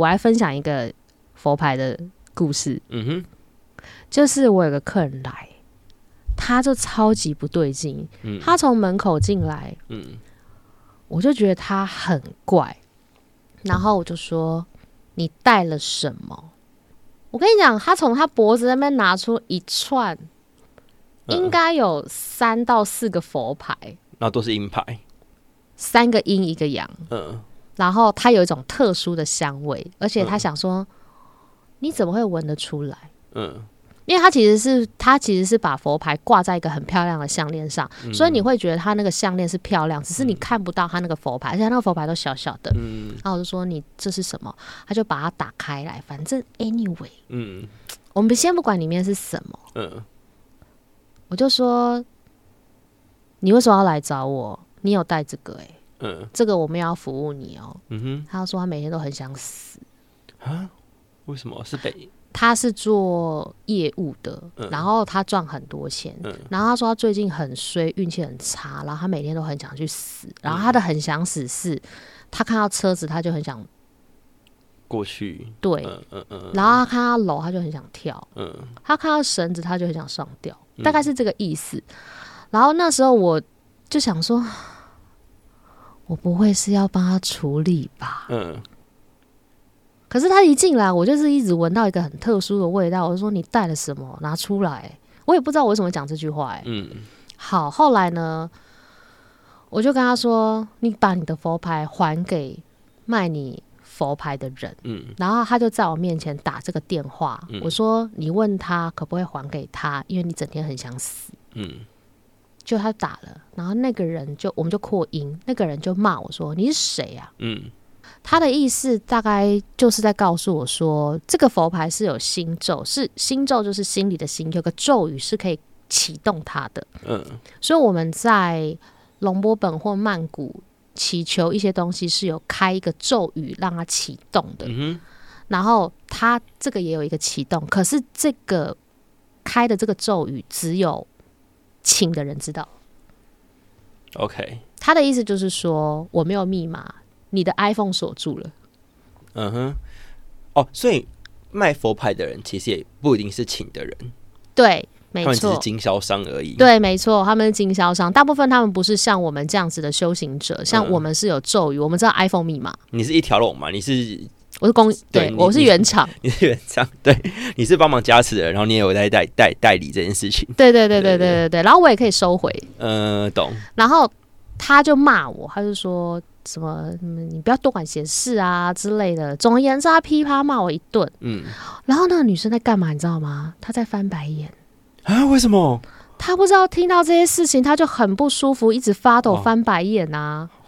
我來分享一個佛牌的故事。嗯哼，就是我有個客人來，他就超級不對勁、嗯。他從門口進來，嗯，我就覺得他很怪。然後我就說：“嗯、你帶了什麼？”我跟你講，他從他脖子那邊拿出一串，嗯、應該有三到四個佛牌，然後、嗯、都是陰牌，三個陰一個陽。嗯。然後他有一種特殊的香味，而且他想說、嗯，你怎麼會聞得出來？嗯，因為他其實是他其實是把佛牌掛在一個很漂亮的項鏈上，嗯、所以你會覺得他那個項鏈是漂亮，只是你看不到他那個佛牌，嗯、而且他那個佛牌都小小的、嗯。然後我就說你這是什麼？他就把它打開來，反正 anyway，嗯，我們先不管裡面是什麼，嗯，我就說，你為什麼要來找我？你有帶這個、欸？哎。嗯，這個我們也要服務你哦，喔。嗯哼，他說他每天都很想死啊。為什麼？是北？他是做業務的，嗯，然後他賺很多錢。嗯，然後他說他最近很衰，運氣很差，然後他每天都很想去死。然後他的很想死是，嗯，他看到車子他就很想過去。對，嗯嗯，嗯。然後他看到樓他就很想跳。嗯，他看到繩子他就很想上吊，大概是這個意思。嗯，然後那時候我就想說。我不會是要幫他處理吧？嗯。可是他一進來，我就是一直聞到一個很特殊的味道。我就說：“你帶了什麼？拿出來。”我也不知道為什麼講這句話。嗯。好，後來呢，我就跟他說：“你把你的佛牌還給賣你佛牌的人。”嗯。然後他就在我面前打這個電話。嗯、我說：“你問他可不可以還給他？因為你整天很想死。”嗯。就他打了，然後那個人就我們就擴音，那個人就罵我說：“你是誰啊？”嗯，他的意思大概就是在告訴我說，這個佛牌是有心咒，是心咒就是心裡的心，有個咒語是可以啟動它的。嗯，所以我們在龍波本或曼谷祈求一些東西是有開一個咒語讓它啟動的。嗯哼，然後他這個也有一個啟動，可是這個開的這個咒語只有。請的人知道，OK。他的意思就是說，我沒有密碼，你的 iPhone 鎖住了。嗯哼，哦，所以賣佛牌的人其實也不一定是請的人，對，沒錯，他們只是經銷商而已。對，沒錯，他們是經銷商，大部分他們不是像我們這樣子的修行者，像我們是有咒語，嗯、我們知道 iPhone 密碼。你是一條龍嗎？你是？我是公，對，對我是原廠，你是原廠，對，你是幫忙加持的，然後你也有在代代代理這件事情，對對對對對，對對對，然後我也可以收回，嗯、呃，懂。然後他就罵我，他就說什麼你不要多管閒事啊之類的。總而言之，他噼啪罵我一頓，嗯。然後那個女生在幹嘛，你知道嗎？她在翻白眼啊？為什麼？她不知道聽到這些事情，她就很不舒服，一直發抖、翻白眼啊。哦。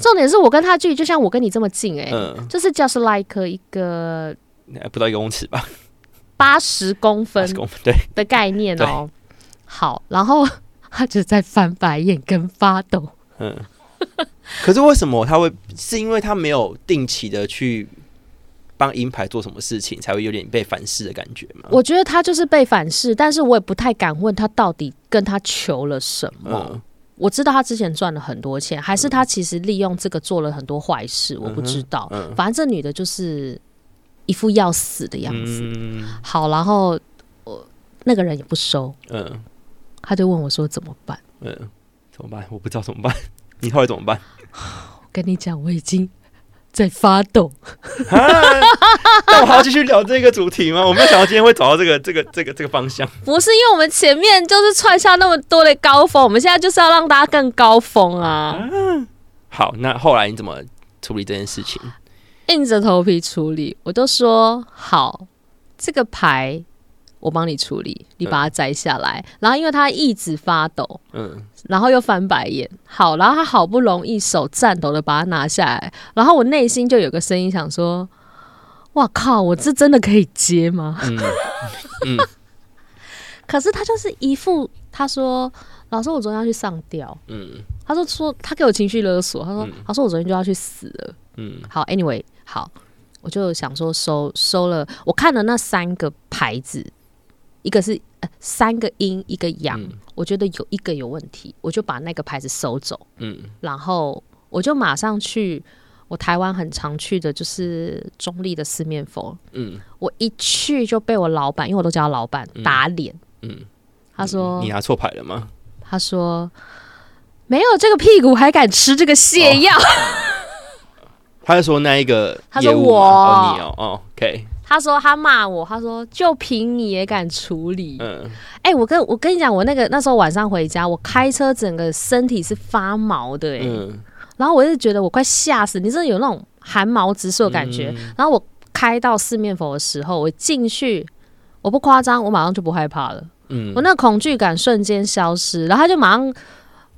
重點是我跟他距離就像我跟你這麼近哎、欸，就、嗯、是 just like 一個不到一個公尺吧，八十公分，對的概念哦、喔嗯。好，然後他就在翻白眼跟發抖。可是為什麼他會？是因為他沒有定期的去幫陰牌做什麼事情，才會有點被反噬的感覺嗎？我覺得他就是被反噬，但是我也不太敢問他到底跟他求了什麼。嗯我知道他之前賺了很多錢，還是他其實利用這個做了很多壞事、嗯，我不知道。嗯嗯、反正這女的就是一副要死的樣子。嗯、好，然後我那個人也不收，嗯，他就問我說怎麼辦？嗯，怎麼辦？我不知道怎麼辦。你後來怎麼辦？ 我跟你講，我已經。在發抖、啊，那我還要繼續聊這個主題嗎？ 我沒有想到今天會找到這個、這個、這個、這個方向。不是因為我們前面就是串下那麼多的高峰，我們現在就是要讓大家更高峰啊，啊！好，那後來你怎麼處理這件事情？硬着頭皮處理，我就說好，這個牌。我幫你處理，你把它摘下來、嗯。然後因為他一直發抖，嗯，然後又翻白眼，好，然後他好不容易手顫抖的把它拿下來，然後我內心就有個聲音想說：“哇靠，我這真的可以接嗎？”嗯 嗯、可是他就是一副他說：“老師，我昨天要去上吊。”嗯，他就說：“說他給我情緒勒索。”他說、嗯：“他說我昨天就要去死了。”嗯，好，anyway，好，我就想說收收了，我看了那三個牌子。一個是呃三個陰一個陽、嗯，我覺得有一個有問題，我就把那個牌子收走。嗯，然後我就馬上去我台灣很常去的就是中壢的四面佛。嗯，我一去就被我老闆，因為我都叫他老闆打臉、嗯。嗯，他說你拿錯牌了嗎？他說沒有，這個屁股還敢吃這個瀉藥、哦？他就說那一個，他說我哦你哦哦，K。Okay 他說他罵我，他說就憑你也敢處理？哎、嗯欸，我跟我跟你講，我那個那時候晚上回家，我開車整個身體是發毛的、欸，哎、嗯，然後我就覺得我快嚇死，你真的有那種寒毛直豎的感覺、嗯。然後我開到四面佛的時候，我進去，我不誇張，我馬上就不害怕了，嗯，我那個恐懼感瞬間消失。然後他就馬上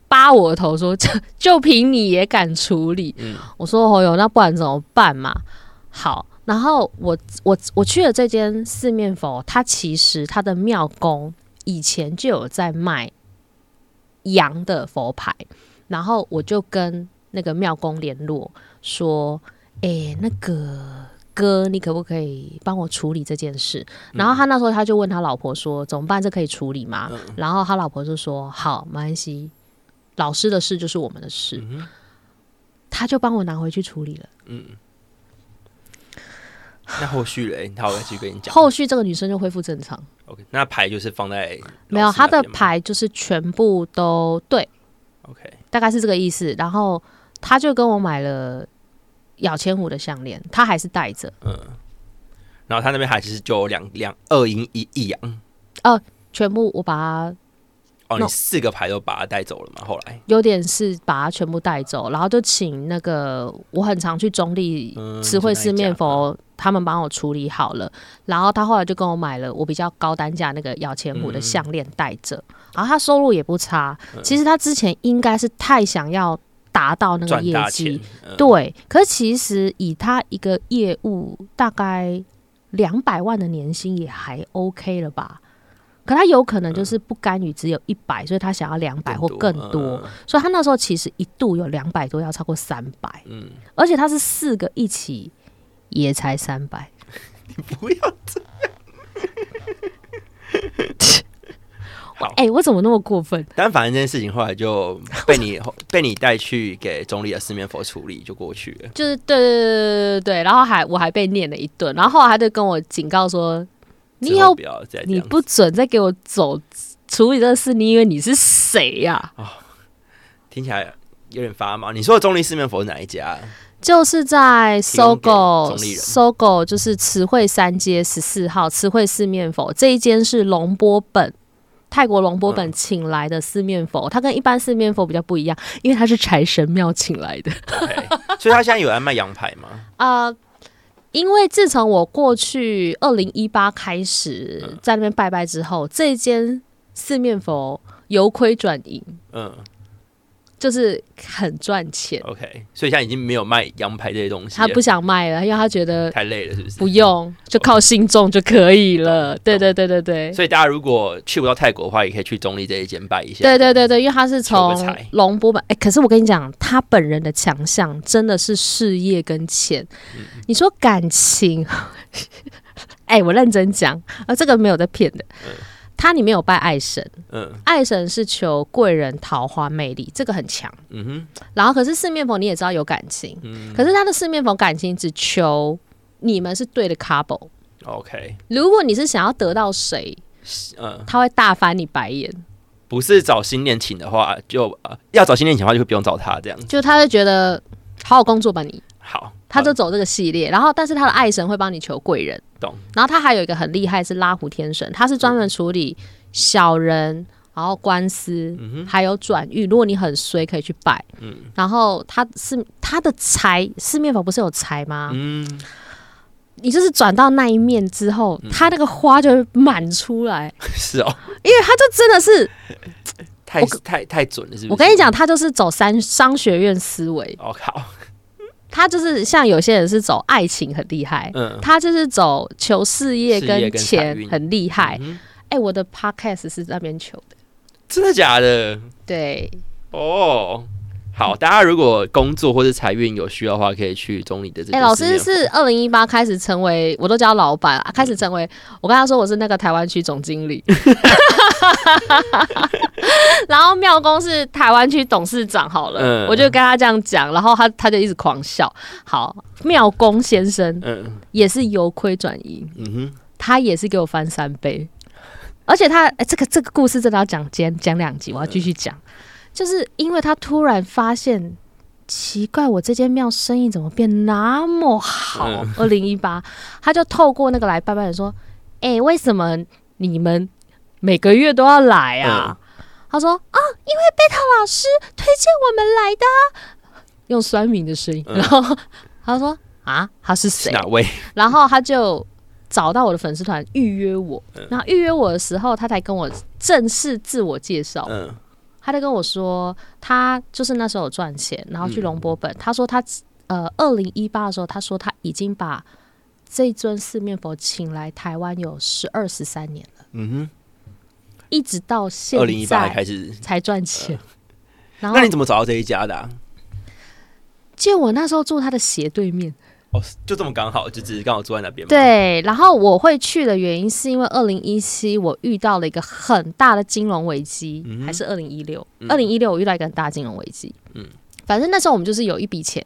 扒我的頭說：“就就憑你也敢處理？”嗯、我說：“哦、哎、呦，那不然怎麼辦嘛？”好。然後我我我去了這間四面佛，他其實他的廟公以前就有在賣羊的佛牌，然後我就跟那個廟公聯絡說：“哎，那個哥，你可不可以幫我處理這件事？”然後他那時候他就問他老婆說：“怎麼辦？這可以處理嗎？”然後他老婆就說：“好，沒關係，老師的事就是我們的事。”他就幫我拿回去處理了。那後續嘞？他會繼跟你講。後續這個女生就恢復正、 正常。OK，那牌就是放在……沒有，她的牌就是全部都對。Okay. 大概是這個意思。然後她就跟我買了咬錢虎的項鏈她還是戴着。嗯。然後她那邊還其實就有兩兩二銀一億啊。哦、呃，全部我把它。哦，你四個牌都把它帶走了嗎？後來。有點是把它全部帶走，然後就請那個我很常去中壢慈惠寺四面佛，他們幫我處理好了，然後他後來就跟我買了我比較高單價那個搖錢虎的項鏈戴、嗯、着，然後他收入也不差、嗯。其實他之前應該是太想要達到那個業績，嗯、對。可是其實以他一個業務大概兩百萬的年薪也還 OK 了吧？可他有可能就是不甘於、嗯、只有一百，所以他想要兩百或更多，更多、嗯。所以他那時候其實一度有兩百多，要超過三百。嗯，而且他是四個一起。也才三百， 你不要這樣！ 樣、欸、哎，我怎麼那麼過分？但反正這件事情後來就被你 被你帶去給中壢的四面佛處理就過去了。就是對對對對對對對，然後還我還被念了一頓，然後後來他就跟我警告說：“你後要，你不准再給我走處理這個事，你以為你是誰呀、啊哦？”聽起來有點發毛。你說的中壢四面佛是哪一家？就是在 SOGO，SOGO 就是慈惠三街十四號，慈惠四面佛這一間是龍波本泰國龍波本請來的四面佛，他、嗯、跟一般四面佛比較不一樣，因為他是財神廟請來的。Okay, 所以他現在有人賣羊排嗎？啊、 呃，因為自從我過去二零一八開始在那邊拜拜之後，嗯、這間四面佛由虧轉盈。嗯。就是很賺錢，OK，所以現在已經沒有賣羊排這些東西。他不想賣了，因為他覺得太累了，是不是？不用，就靠信眾就可以了。Okay. 對,對對對對對。所以大家如果去不到泰國的話，也可以去中壢這一間拜一下。對對對對，對對對因為他是從龍波拜。哎、欸，可是我跟你講，他本人的強項真的是事業跟錢。嗯嗯你說感情？哎、 欸，我認真講，啊，這個沒有在騙的。嗯他裡面有拜愛神，嗯，愛神是求貴人桃花魅力，這個很強，嗯哼。然後可是四面佛你也知道有感情，嗯，可是他的四面佛感情只求你們是對的 couple，OK、okay。如果你是想要得到誰，嗯，他會大翻你白眼。不是找新戀情的話，就要找新戀情的話，就會不用找他這樣子，就他會覺得好好工作吧你。他就走這個系列，然後但是他的愛神會幫你求貴人，懂。然後他還有一個很厲害是拉胡天神，他是專門處理小人，然後官司，嗯、還有轉運。如果你很衰，可以去拜。嗯、然後他是他的財四面佛不是有財嗎？嗯？你就是轉到那一面之後，嗯、他那個花就會滿出來。是哦，因為他就真的是 太太太準了，是不是？我跟你講，他就是走商商學院思維。我、哦、靠。他就是像有些人是走愛情很厲害，嗯，他就是走求事業跟錢很厲害。哎、欸，我的 Podcast 是那邊求的，真的假的？對，哦、oh.。好，大家如果工作或者財運有需要的話，可以去中壢的這個。哎、欸，老師是二零一八開始成為，我都叫老闆、啊嗯，開始成為。我跟他說我是那個台灣區總經理， 然後妙公是台灣區董事長。好了、嗯，我就跟他這樣講，然後他他就一直狂笑。好，妙公先生也是由虧轉盈，他也是給我翻三倍，而且他哎、欸，這個這個故事真的要講，講講兩集，我要繼續講。嗯就是因為他突然發現奇怪，我這間廟生意怎麼變那麼好？二零一八，2018, 他就透過那個來拜拜的人說：“哎、欸，為什麼你們每個月都要來啊？”嗯、他說：“啊、哦，因為貝塔老師推薦我們來的。”用酸民的聲音、嗯，然後他說：“啊，他是誰？是哪位？”然後他就找到我的粉絲團預約我，嗯、然後預約我的時候，他才跟我正式自我介紹。嗯他就跟我說，他就是那時候賺錢，然後去龍博本、嗯。他說他呃，二零一八的時候，他說他已經把這尊四面佛請來台灣有十二十三年了。嗯哼，一直到現在才，二零一八才開始才賺錢。 那你怎麼找到這一家的、啊？就我那時候住他的斜對面。哦，就這麼剛好，就只是剛好坐在那邊嘛。對，然後我會去的原因是因為二零一七我遇到了一個很大的金融危機，嗯，還是二零一六？二零一六我遇到一個很大金融危機。嗯，反正那時候我們就是有一筆錢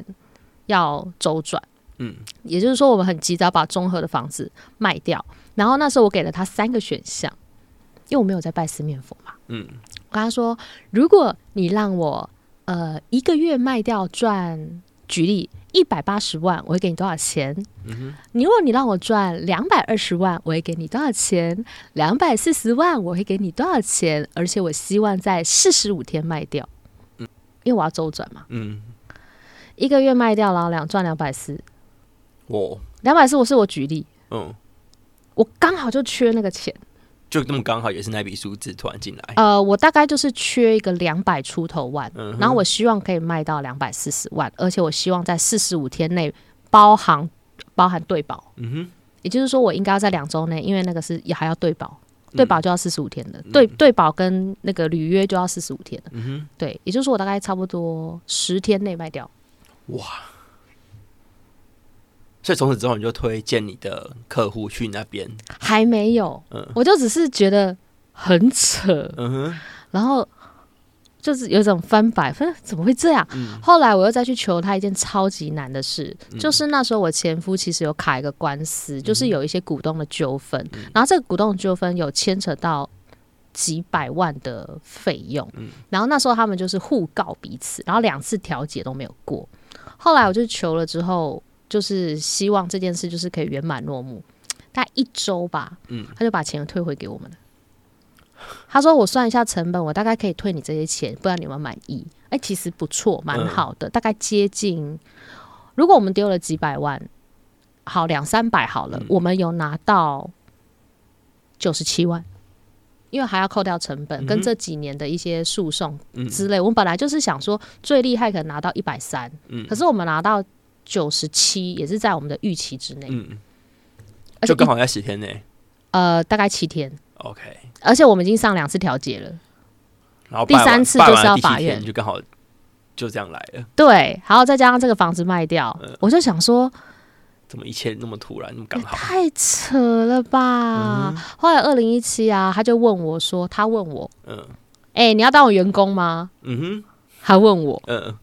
要周轉。嗯，也就是說我們很急着把中和的房子賣掉。然後那時候我給了他三個選項，因為我沒有在拜四面佛嘛。嗯，我跟他說，如果你讓我呃一個月賣掉賺，舉例。一百八十萬，我會給你多少錢？嗯、你如果你讓我賺兩百二十萬，我會給你多少錢？兩百四十萬，我會給你多少錢？而且我希望在四十五天賣掉、嗯，因為我要周轉嘛。嗯，一個月賣掉然後兩賺兩百四，我兩百四我是我舉例。嗯，我剛好就缺那個錢。就那麼剛好也是那筆數字突然進來。呃，我大概就是缺一個兩百出頭萬、嗯，然後我希望可以賣到兩百四十萬，而且我希望在四十五天內，包含包含對保。嗯哼，也就是說我應該要在兩週內，因為那個是也還要對保，嗯、對保就要四十五天的、嗯，對對保跟那個履約就要四十五天的。嗯哼，對，也就是說我大概差不多十天內賣掉。哇！所以從此之後，你就推薦你的客戶去那邊？還沒有、嗯，我就只是覺得很扯，嗯、然後就是有一種翻白眼，怎麼會這樣、嗯？後來我又再去求他一件超級難的事、嗯，就是那時候我前夫其實有卡一個官司，嗯、就是有一些股東的糾紛、嗯，然後這個股東糾紛有牽扯到幾百萬的費用、嗯，然後那時候他們就是互告彼此，然後兩次調解都沒有過，後來我就求了之後。就是希望這件事就是可以圓滿落幕，大概一周吧。他就把錢退回給我們了。他說：“我算一下成本，我大概可以退你這些錢，不知道你們滿意？哎，其實不錯，蠻好的。大概接近，如果我們丟了幾百萬，好兩三百好了，我們有拿到九十七萬，因為還要扣掉成本跟這幾年的一些訴訟之類。我們本來就是想說最厲害可能拿到一百三，可是我們拿到。”九十七也是在我們的預期之內，嗯，就剛好在十天內，呃，大概七天，OK，而且我們已經上兩次調解了，然後第三次就是要法院，第就剛好就這樣來了，對，然後再加上這個房子賣掉，嗯、我就想說，怎麼一切那麼突然，那麼剛好，太扯了吧？嗯、後來二零一七啊，他就問我說，他問我，嗯，哎、欸，你要當我員工嗎？嗯哼，還問我，嗯。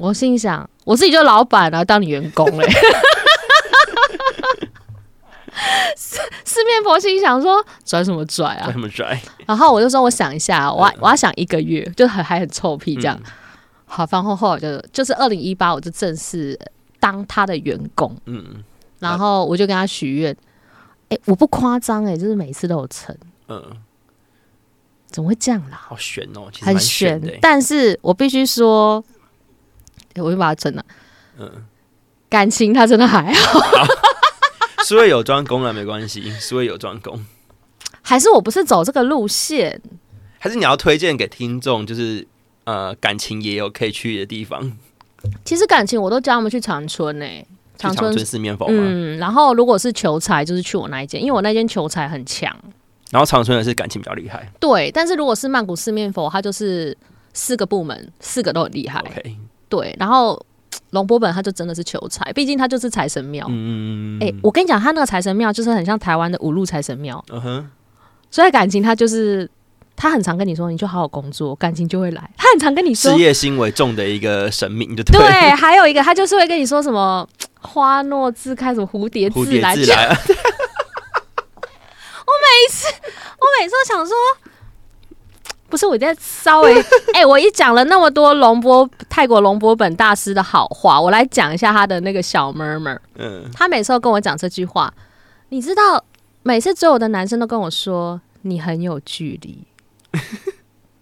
我心想，我自己就是老闆，然後當你員工嘞、欸。四 四面佛心想說：“拽什麼拽啊麼？”然後我就說：“我想一下我要、嗯、我要想一個月，就是還很臭屁這樣。嗯”好，然後後來就就是二零一八，我就正式當他的員工。嗯嗯。然後我就跟他許願、嗯欸，我不誇張，哎，就是每次都有成。嗯。怎麼會這樣啦、啊？好玄哦、喔，其實、欸、很玄。但是，我必須說。我就把它整了、啊。嗯，感情他真的還好,好。術 業有專攻了，沒關係，術業有專攻。還是我不是走這個路線？還是你要推薦給聽眾，就是呃，感情也有可以去的地方。其實感情我都叫他們去長春呢、欸，長春,長春四面佛。嗯，然後如果是求財，就是去我那間，因為我那間求財很強。然後長春也是感情比較厲害。對，但是如果是曼谷四面佛，它就是四個部門，四個都很厲害。Okay. 對，然後龍波本他就真的是求財，畢竟他就是財神廟。嗯，哎、欸，我跟你講，他那個財神廟就是很像台灣的五路財神廟。嗯哼，所以感情他就是他很常跟你說，你就好好工作，感情就會來。他很常跟你說，事業心為重的一個神明，就對。對，還有一個他就是會跟你說什麼花落自開，什麼蝴蝶自來蝴蝶自來自來。 我每次我每次都想說。不是我在稍微哎、 欸，我一講了那麼多龍波泰國龍波本大師的好話，我來講一下他的那個小 murmur。嗯，他每次都跟我講這句話，你知道，每次追我的男生都跟我說，你很有距離。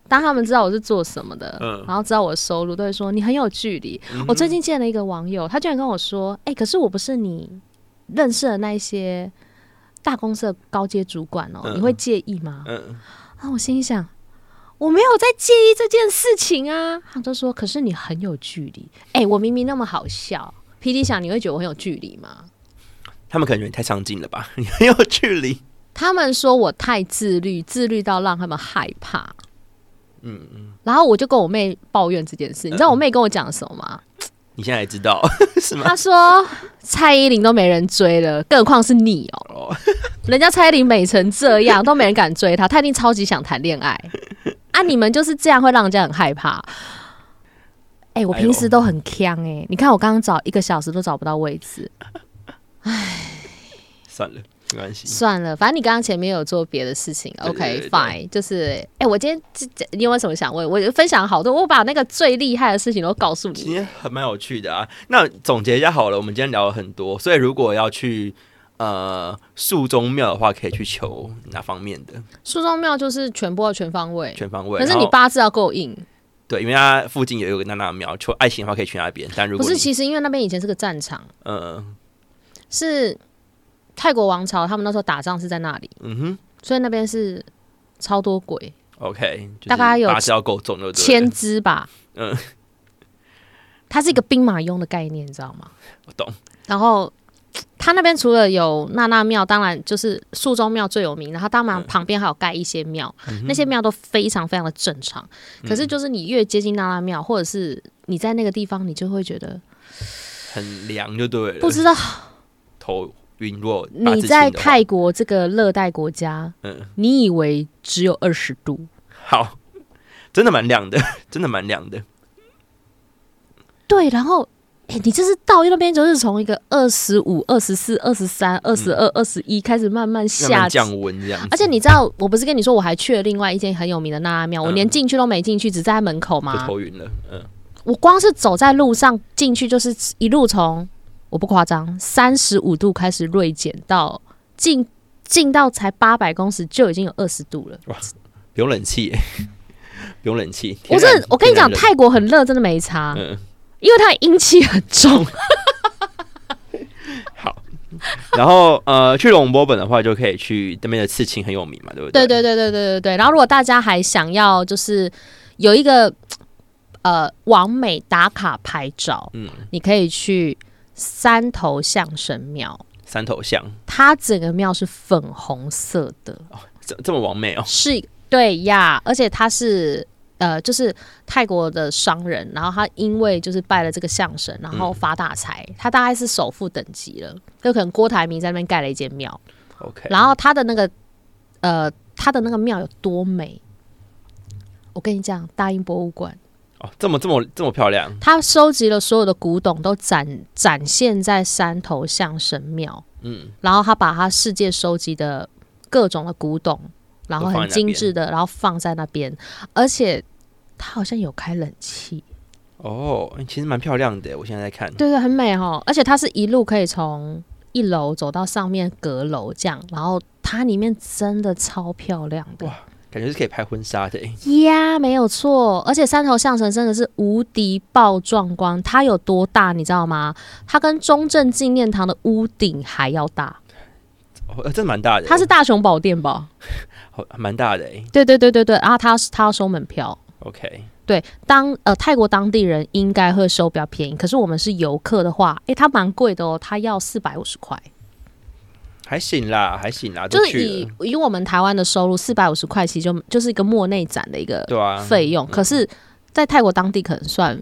當 他們知道我是做什麼的、嗯，然後知道我的收入，都會說，你很有距離、嗯。我最近見了一個網友，他居然跟我說：“哎、欸，可是我不是你認識的那一些大公司的高階主管哦、嗯，你會介意嗎？”嗯、啊，我心想。我沒有在介意這件事情啊，他就說：“可是你很有距離。欸”哎，我明明那麼好笑，PD 想你會覺得我很有距離嗎？他們可能覺得你太上進了吧，你很有距離。他們說我太自律，自律到讓他們害怕。嗯嗯，然後我就跟我妹抱怨這件事，嗯、你知道我妹跟我講什麼嗎？嗯、你現在還知道是嗎？她說：“蔡依林都沒人追了，更何況是你、喔、哦！ 人家蔡依林美成這樣都沒人敢追她，她一定超級想談戀愛。”那、 啊、你們就是這樣會讓人家很害怕。哎、欸，我平時都很嗆哎、欸，你看我剛剛找一個小時都找不到位置，哎 算了，沒關係，算了，反正你剛剛前面有做別的事情，OK，fine，、okay, 就是哎、欸，我今天這你有沒有什麼想問？我分享好多，我把那個最厲害的事情都告訴你。今天很蠻有趣的啊，那總結一下好了，我們今天聊了很多，所以如果要去。呃，樹中廟的話可以去求哪方面的？樹中廟就是全部要全方位。全方位。可是你八字要夠硬。對，因為它附近也有一個娜娜廟，求愛情的話可以去那邊。但如果不是其實因為那邊以前是個戰場，嗯、呃，是泰國王朝他們那時候打仗是在那裡，嗯哼，所以那邊是超多鬼。OK，八要對對大概有八字要夠重就千支吧，嗯，它是一個兵馬俑的概念，你知道嗎？我懂。然後。他那邊除了有娜娜廟，當然就是素州廟最有名。然後當然旁邊還有蓋一些廟、嗯，那些廟都非常非常的正常、嗯。可是就是你越接近娜娜廟，或者是你在那個地方，你就會覺得很涼，就對了，不知道，頭暈弱。你在泰國這個熱帶國家，嗯，你以為只有二十度？好，真的蠻涼的，真的蠻涼的。對，然後。欸、你這是到那邊，就是從一個二十五、二十四、二十三、二十二、二十一開始慢慢下慢慢降溫這樣。而且你知道，我不是跟你說我還去了另外一間很有名的那拉廟、嗯，我連進去都沒進去，只在，在門口嗎？頭暈了，嗯。我光是走在路上進去，就是一路從我不誇張，三十五度開始銳減到進進到才八百公尺就已經有二十度了。哇，不用冷氣， 不用冷氣。不是，我跟你講，泰國很熱，真的沒差。嗯因為它陰氣很重、嗯， 好，然後呃，去龍波本的話就可以去那邊的刺青很有名嘛，對不對？對對對對對對對，然後如果大家還想要就是有一個呃網美打卡拍照，嗯，你可以去三頭象神廟。三頭象，它整個廟是粉紅色的，哦，這這麼網美哦，是，對呀，而且它是。呃，就是泰國的商人，然後他因為就是拜了這個象神，然後發大財，他大概是首富等級了。就可能郭台銘在那邊蓋了一間廟，OK. 然後他的那個，呃，他的那個廟有多美？我跟你講，大英博物館哦，這麼這麼這麼漂亮。他收集了所有的古董，都展展現在山頭象神廟。嗯，然後他把他世界收集的各種的古董，然後很精緻的，然後放在那邊，而且它好像有開冷氣哦，其實蠻漂亮的。我現在在看，對對，很美哈、哦。而且它是一路可以從一樓走到上面閣樓這樣，然後它裡面真的超漂亮的，哇，感覺是可以拍婚紗的呀，yeah, 沒有錯。而且三頭象神真的是無敵爆壯觀，它有多大你知道嗎？它跟中正紀念堂的屋頂還要大。呃、哦，這蠻大的、哦，他是大雄寶殿吧？好、哦，蠻大的、欸。對對對對對，他它他要收門票。OK。對，當呃，泰國當地人應該會收比較便宜，可是我們是遊客的話，哎，他蠻貴的哦，他要四百五十塊。還行啦，還行啦，就是以去以我們台灣的收入，四百五十塊其實就就是一個莫內展的一個費用，對啊、可是，在泰國當地可能算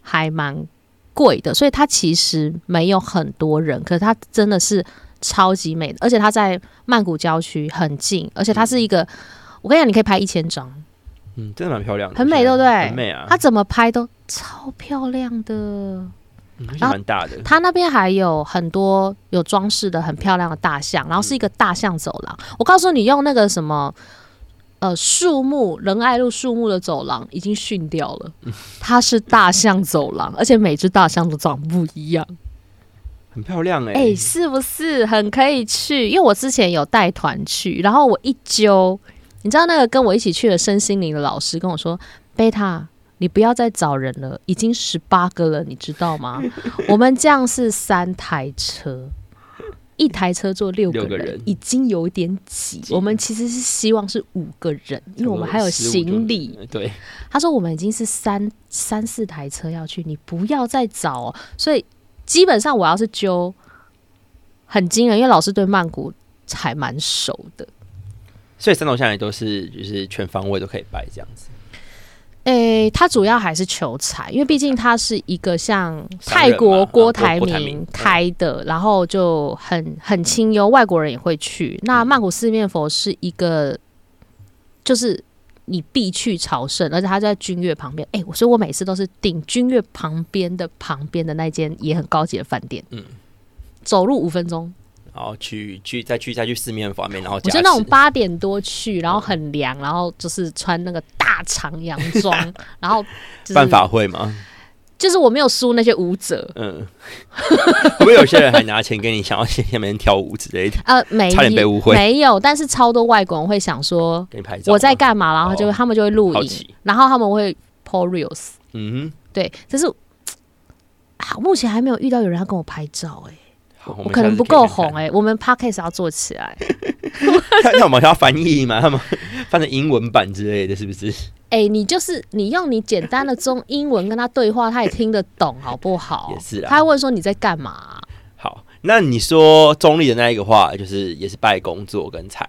還蠻貴的，嗯、所以他其實沒有很多人，可是他真的是。超級美的，而且它在曼谷郊區很近，而且它是一個，嗯、我跟你講，你可以拍一千張，嗯，真的蠻漂亮的，很美，對不對？很美啊，它怎麼拍都超漂亮的，面積蠻大的。它那邊還有很多有裝飾的、很漂亮的大象，然後是一個大象走廊。嗯、我告訴你，用那個什麼，呃，樹木仁愛路樹木的走廊已經遜掉了、嗯，它是大象走廊， 而且每只大象都長不一樣。很漂亮哎、欸欸，是不是很可以去？因為我之前有帶團去，然後我一揪，你知道那個跟我一起去的身心靈的老師跟我說：“貝塔，你不要再找人了，已經十八個了，你知道嗎？ 我們這樣是三台車，一台車坐六個人，六個人，已經有點擠。我們其實是希望是五個人，因為我們還有行李。對，他說我們已經是三三四台車要去，你不要再找、哦。所以。基本上我要是揪很驚人，因為老師對曼谷還蠻熟的，所以三樓下來都是就是全方位都可以拜這樣子。誒、欸，他主要還是求財，因為畢竟他是一個像泰國郭台銘開、啊、的，然後就很很清幽、嗯，外國人也會去、嗯。那曼谷四面佛是一個就是。你必去朝聖，而且它就在君悅旁邊。哎、欸，所以我每次都是訂君悅旁邊的、旁邊的那間也很高級的飯店、嗯，走路五分鐘，然後去去再去再去四面佛面。然後，我是那種八點多去，然後很涼、嗯，然後就是穿那個大長洋裝， 然後、就是、辦法會嗎？就是我沒有輸那些舞者，嗯， 會。不過有些人還拿錢跟你，想要先先。別人跳舞之類的，呃，沒差點被誤會，沒有。但是超多外國人會想說，我在幹嘛？然後就然後他們就會錄影、哦，然後他們會 po Reels，嗯對。就是啊，目前還沒有遇到有人要跟我拍照，欸，哎，我可能不夠紅，欸，哎，我們 podcast 要做起來。 看那，我們需要翻譯嗎？他們翻成英文版之類的是不是？哎、欸，你就是你用你簡單的中英文跟他對話， 他也聽得懂，好不好？也是啊。他還問說，你在幹嘛、啊？好，那你說中壢的那一個話，就是也是拜工作跟財。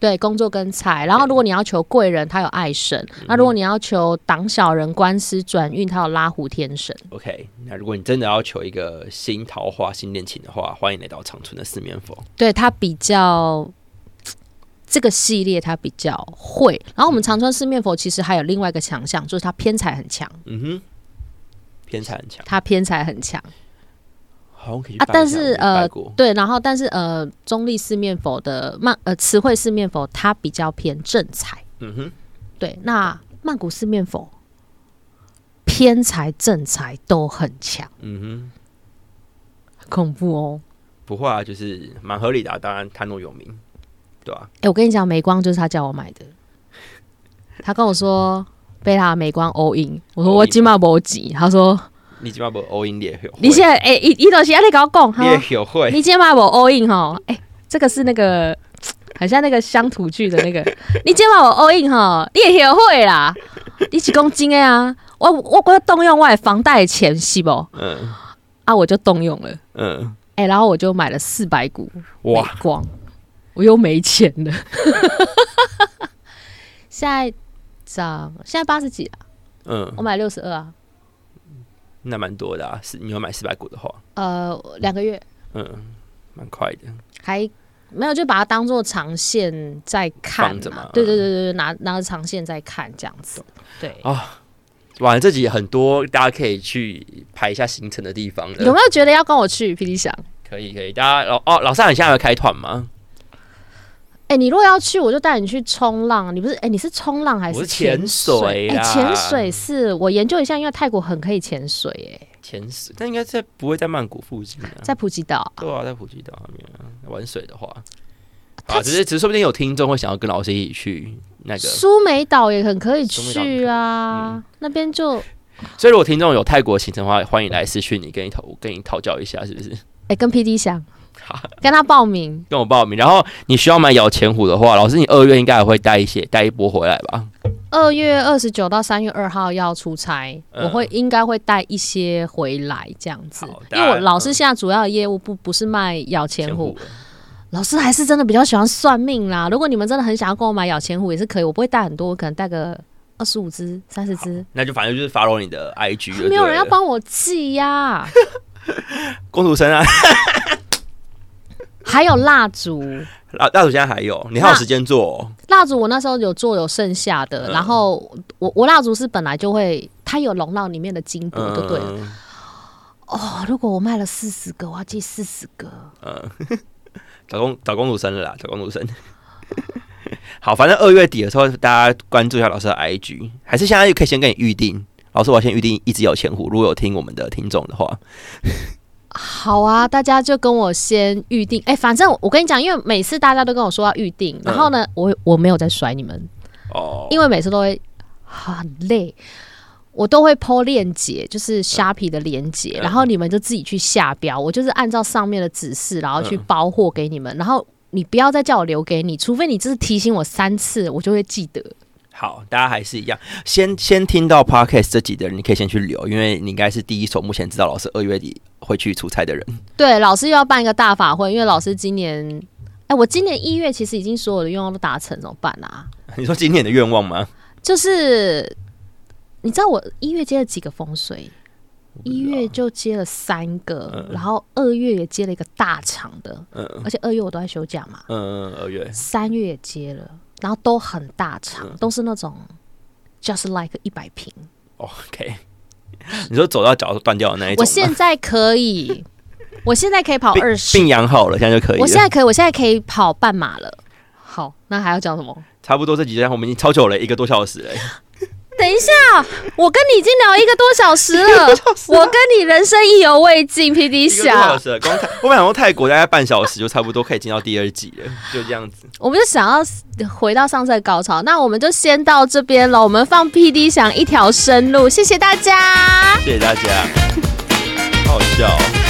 對，工作跟財。然後如果你要求貴人，他有愛神；那如果你要求擋小人、官司轉運、轉、嗯、運，他有拉胡天神。OK，那如果你真的要求一個新桃花、新戀情的話，歡迎來到長春的四面佛。對他比較。這個系列它比較會，然後我們長春四面佛其實還有另外一個強項，就是它偏財很強。嗯哼，偏財很強。它偏財很強，好像可以啊。但是呃，對，然後但是呃，中壢四面佛的曼呃慈惠四面佛它比較偏正財。嗯哼，對。那曼谷四面佛偏財正財都很強。嗯哼，恐怖哦。不會啊，就是蠻合理的啊。當然，他諾有名。哎、啊欸，我跟你講，美光就是他叫我買的。他跟我說：“Beta 美光 all in。”我說我錢：“我今嘛無錢。”他說：“你今嘛不 all in 你會,不會？”你現在哎，一一道你跟我講，獵血你今嘛我 all in 哈、喔？哎、欸，這個是那個，很像那個鄉土劇的那個。 你今嘛我 all in 哈、喔？獵血會,會啦！你幾公斤的啊？我我我要動用我的房貸錢，是不？嗯。啊，我就動用了。嗯。哎、欸，然後我就買了四百股哇！美光。我又沒錢了。 現漲，現在漲，現在八十幾啊。嗯，我買六十二啊，那蠻多的啊，是你要買四百股的話，呃，兩個月，嗯、蠻、嗯、快的，還沒有就把它當做長線在看嘛，對對對對拿拿着長線在看這樣子，對啊，晚上這集很多大家可以去排一下行程的地方的，有沒有覺得要跟我去霹靂可以可以，大家哦哦老哦老師，你現在要開團嗎？哎、欸，你如果要去，我就帶你去衝浪。你不是哎，欸、你是衝浪還是潛水？哎、啊，潛、欸、水是我研究一下，因為泰國很可以潛水、欸。哎，潛水，但應該在不會在曼谷附近。在普吉島。對啊，在普吉島、啊、那邊、啊、玩水的話，啊，只是只是，說不定有聽眾會想要跟老師一起去那個蘇梅島也很可以去啊，嗯、那邊就。所以，如果聽眾有泰國行程的話，歡迎來私訊你，跟你討，跟你討教一下，是不是？哎、欸，跟 PD 想。好跟他報名，跟我報名，然後你需要買咬錢虎的話，老師你二月應該也會帶一些，帶一波回來吧。二月二十九到三月二號要出差、嗯，我會應該會帶一些回來這樣子。因為我老師現在主要的業務不不是賣咬錢虎,虎，老師還是真的比較喜歡算命啦。如果你們真的很想要跟我買咬錢虎也是可以，我不會帶很多，我可能帶個二十五只、三十只。那就反正就是發 w 你的 IG 沒有人要幫我寄呀、啊， 公主生神啊。 還有蠟燭，蠟蠟燭現在還有，你還有時間做蠟、哦、燭？那蠟燭我那時候有做，有剩下的。嗯、然後我我蠟燭是本來就會，它有龍腦裡面的金箔，就對了、嗯。哦，如果我賣了四十個，我要寄四十個。呃、嗯，找公找公主生了啦，找公主生。 好，反正二月底的時候，大家關注一下老師的 IG，還是現在就可以先跟你預定。老師，我要先預定一隻有錢虎。如果有聽我們的聽眾的話。 好啊，大家就跟我先預定。哎、欸，反正我跟你講，因為每次大家都跟我說要預定，然後呢，嗯、我我沒有再甩你們哦，因為每次都會很累，我都會 po 鏈接，就是蝦皮的鏈接、嗯，然後你們就自己去下標，我就是按照上面的指示，然後去包貨給你們、嗯，然後你不要再叫我留給你，除非你就是提醒我三次，我就會記得。好，大家還是一樣，先先聽到 podcast 這集的人，你可以先去留，因為你應該是第一手目前知道老師二月底會去出差的人。對，老師又要辦一個大法會，因為老師今年，哎、欸，我今年一月其實已經所有的願望都達成，怎麼辦啊？你說今年的願望嗎？就是你知道我一月接了幾個風水，一月就接了三個、嗯，然後二月也接了一個大廠的，嗯，而且二月我都在休假嘛，嗯嗯，二月三月也接了。然後都很大場，嗯、都是那種、嗯、just like 一百平。OK，你說走到腳都斷掉的那一種。我現在可以， 我現在可以跑二十，病養好了，現在就可以。我現在可以，我現在可以跑半馬了。好，那還要講什麼？差不多這幾天我們已經超久了一個多小時了。 等一下，我跟你已經聊一個多小時了， 時啊、我跟你人生意猶未盡。P D 想，多小我們想說泰國，大概半小時就差不多可以進到第二集了， 就這樣子。我們就想要回到上次的高潮，那我們就先到這邊了。我們放 P D 想一條生路，謝謝大家，謝謝大家，好笑、哦。